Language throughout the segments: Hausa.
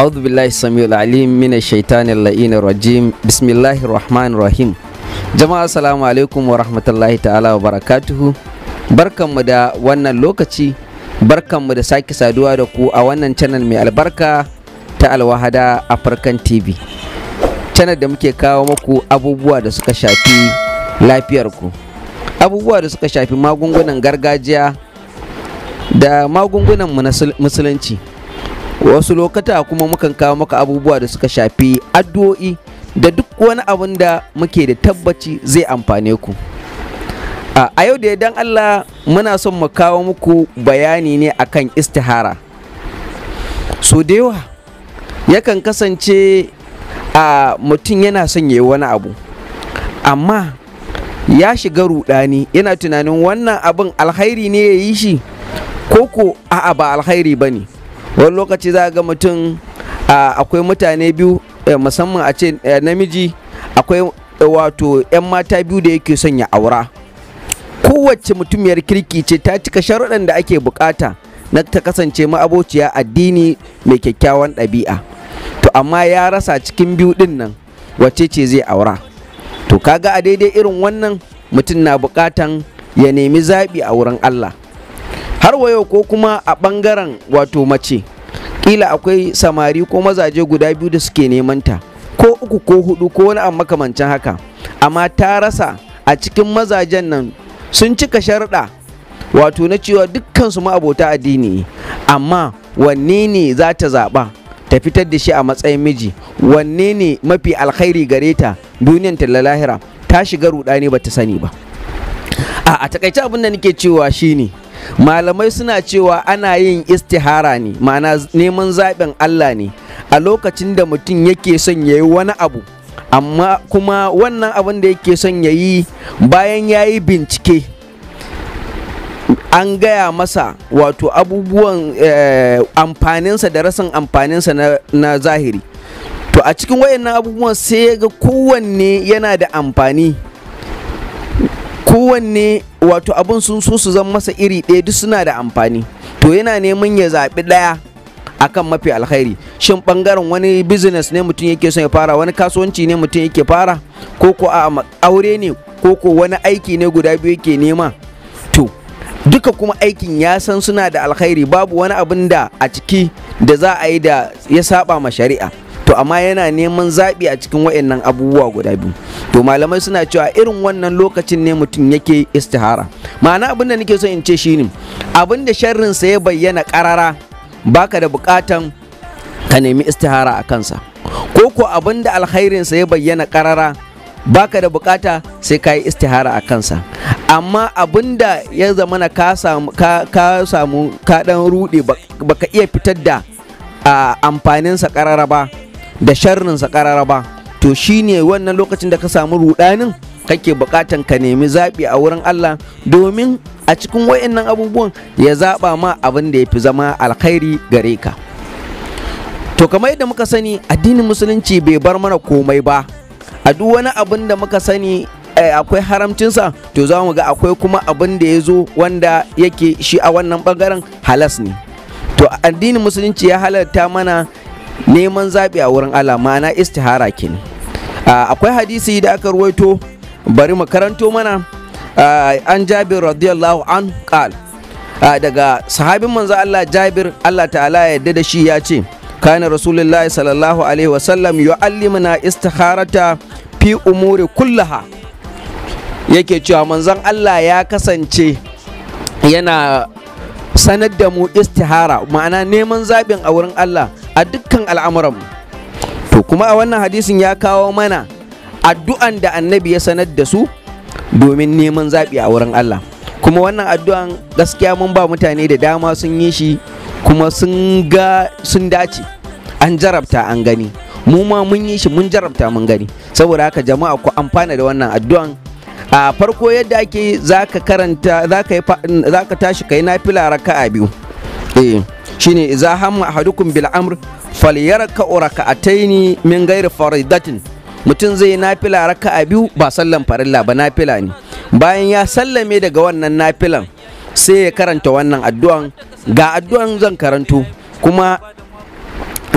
أعوذ بالله السميع العليم من الشيطان la'ina الرجيم بسم الله rahim. jama'a assalamu alaikum wa rahmatullahi ta'ala wa barakatuhu barkanmu da wannan lokaci barkanmu da sake saduwa da ku a wannan channel mai albarka ta alwahada african tv channel da muke kawo muku abubuwa da suka shafi ku. abubuwa da suka shafi magungunan gargajiya da magungunan musulunci wasu lokata kuma mukan kawo maka abubuwa da suka shafi addu'o'i da duk wani abin da muke da tabbaci zai amfane ku a yau da ya dan Allah muna son mu kawo muku bayani ne akan istihara so da yawa yakan kasance a mutum yana son yi wani abu amma ya shiga rudani yana tunanin wannan abin alkhairi ne ya yi shi ko ko a'a ba alkhairi ba ne wani lokaci za ga mutum akwai mutane biyu eh, musamman a ce eh, namiji akwai eh, wato 'yan mata biyu da yake son ya aura kowace mutumiyar kirki ce ta cika sharuɗan da ake bukata na ta kasance ma'abociya addini mai kyakkyawan ɗabi'a to amma ya rasa cikin biyu ɗin nan wace ce zai aura to kaga a daidai irin wannan mutum na bukatan ya nemi zaɓi a wurin Allah har wayo ko kuma a ɓangaren wato mace ƙila akwai samari ko mazaje guda biyu da suke neman ta ko uku ko hudu ko wani an makamancin haka amma ta rasa a cikin mazajen nan sun cika sharɗa wato na cewa dukkan dukkansu ma'abota addini amma wanne ne za ta zaɓa ta fitar da shi a matsayin miji wanne ne mafi alkhairi gare ta duniyan ta lahira ta shiga ruɗani ba ta sani ba a takaice abin da nake cewa shine malamai suna cewa ana yin istihara ne ma'ana neman zaɓen Allah ne a lokacin da mutum yake son ya yi wani abu amma kuma wannan abin da yake son ya yi bayan ya yi bincike an gaya masa wato abubuwan eh, amfaninsa da rasan amfaninsa na zahiri to a cikin wayannan abubuwan sai ya ga kowanne yana da amfani kowanne wato abin sun so su zan masa iri ɗaya duk suna da amfani to yana neman ya zaɓi ɗaya akan mafi alkhairi shin ɓangaren wani business ne mutum yake son ya fara wani kasuwanci ne mutum yake fara ko ko a aure ne ko ko wani aiki ne guda biyu yake nema to duka kuma aikin ya san suna da alkhairi babu wani abin da a ciki da za a yi da ya saba ma shari'a to amma yana neman zaɓi a cikin wa'annan abubuwa guda biyu to malamai suna cewa irin wannan lokacin ne mutum yake istihara ma'ana abin da nake so in ce shine abin da sharrin sa ya bayyana karara baka da bukatan ka nemi istihara a kansa ko ko abin da alkhairin sa ya bayyana karara baka da bukata sai ka yi istihara a kansa amma da ya zamana ka samu ka samu ka dan rude baka iya fitar da amfaninsa karara ba da sharrinsa sa kararaba to shine wannan lokacin da ka samu rudanin kake buƙatan ka nemi zaɓi a wurin Allah domin a cikin wayannan abubuwan ya zaɓa ma abin da ya fi zama alkhairi gare ka to kamar yadda muka sani addinin musulunci bai bar mana komai ba a duk wani abin da muka sani eh, akwai haramcinsa to za mu ga akwai kuma abin da ya zo wanda yake shi a wannan bangaren halas ne to addinin musulunci ya halarta mana neman zaɓi a wurin Allah ma'ana istihara ne akwai hadisi da aka ruwaito bari mu mana an jabir radiyallahu an qal daga sahabin manzo Allah jabir Allah ta'ala ya yarda da shi ya ce kana rasulullahi sallallahu alaihi wasallam yu'allimuna istiharata fi umuri kullaha yake cewa manzon Allah ya kasance yana sanar da mu istihara ma'ana neman zaɓin a wurin Allah a dukkan al'amuranmu to kuma a wannan hadisin ya kawo mana addu'an da annabi ya sanar da su domin neman zaɓi a wurin Allah kuma wannan addu'an gaskiya mun ba mutane da dama sun yi shi kuma sun ga sun dace an jarabta an gani mu ma mun yi shi mun jarabta mun gani saboda haka jama'a ku amfana da wannan addu'an a farko yadda ake za ka karanta ka yi na tashi kai nafila raka'a biyu eh shine iza hamma ahadukum bil amr falyaraka raka'ataini min ghairi faridatin mutum zai nafila raka'a biyu ba sallan farilla ba nafila ne bayan ya sallame daga wannan nafilan sai ya karanta wannan addu'an ga addu'an zan karanto kuma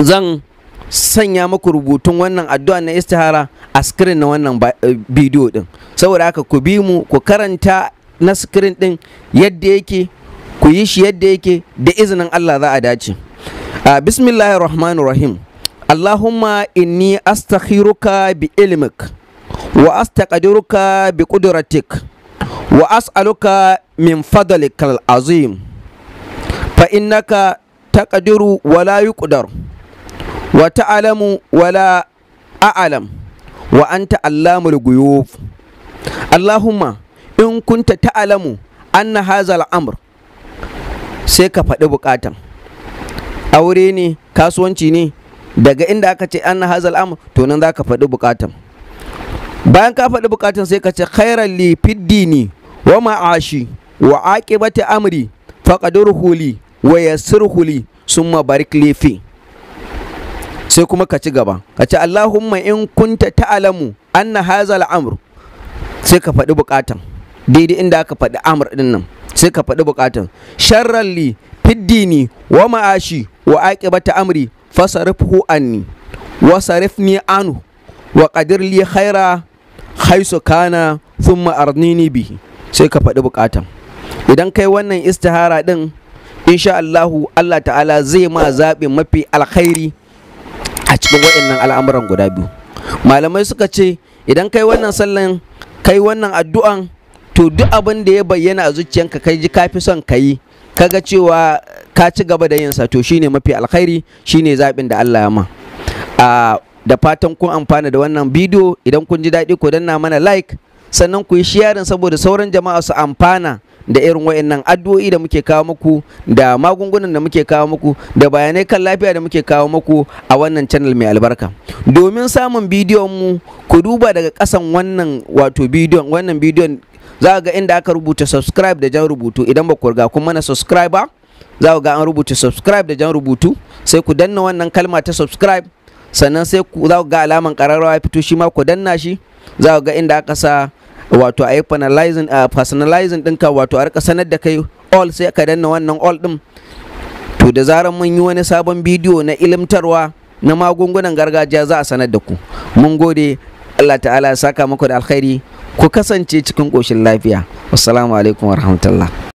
zan sanya muku rubutun wannan addu'a na istihara a screen na wannan eh, bidiyo din saboda haka ku bi mu ku karanta na screen din yadda yake ku yi shi yadda yake da izinin Allah za a dace bismillahir rahmanir rahim Allahumma inni astakhiruka bi ilmik wa astaqdiruka bi qudratik wa as'aluka min fadlikal azim fa innaka taqdiru wa la yuqdar wa ta'lamu wa la a'lam wa anta allamul ghuyub Allahumma in kunta ta'lamu anna hadha al-amr sai ka faɗi buƙatan aure ne kasuwanci ne daga inda aka ce an hazal amr to nan za ka faɗi buƙatan bayan ka faɗi buƙatan sai ka ce khairar li fiddini wa ma'ashi wa bata amri faƙadar huli, wa yassirhu li summa barik lefe. sai kuma ka ci gaba ka ce Allahumma in kunta an na hazal amr sai ka faɗi buƙatan daidai inda aka faɗi amr ɗin nan sai ka faɗi buƙatun sharralli fiddini wa ma'ashi wa ta amri fasarif hu'anni wa sarifni anu wa ƙadirli li khaira haisu kana thumma arnini bi sai ka faɗi buƙatan idan kai wannan istihara din insha Allahu Allah ta'ala zai ma zaɓi mafi alkhairi a cikin waɗannan al'amuran guda biyu malamai suka ce idan kai wannan sallan kai wannan addu'an to duk abin da ya bayyana a zuciyanka kai ji kafi son ka yi kaga cewa ka ci gaba da yinsa to shine mafi alkhairi shine zaɓin da Allah ya ma a da fatan kun amfana da wannan bidiyo idan kun ji daɗi ku danna mana like sannan ku yi sharing saboda sauran jama'a su amfana da irin wa'annan addu'o'i da muke kawo muku da magungunan da muke kawo muku da bayanai kan lafiya da muke kawo muku a wannan channel mai albarka domin samun bidiyon mu ku duba daga kasan wannan wato bidiyon wannan bidiyon za ga inda aka rubuta subscribe da jan rubutu idan ba ku riga kun mana subscriber. ba za ga an rubuta subscribe da jan rubutu sai ku danna wannan kalma ta subscribe sannan sai ku za ga alaman kararrawa ya fito shi ma ku danna shi za ga inda aka sa wato a yi personalizing uh, personalizing ɗinka wato a rika sanar da kai all sai ka danna wannan all ɗin to da zarar mun yi wani sabon bidiyo na ilimtarwa na magungunan gargajiya za a sanar da ku mun gode Allah ta'ala ya saka muku da alkhairi ku kasance cikin ƙoshin lafiya wassalamu alaikum rahmatullah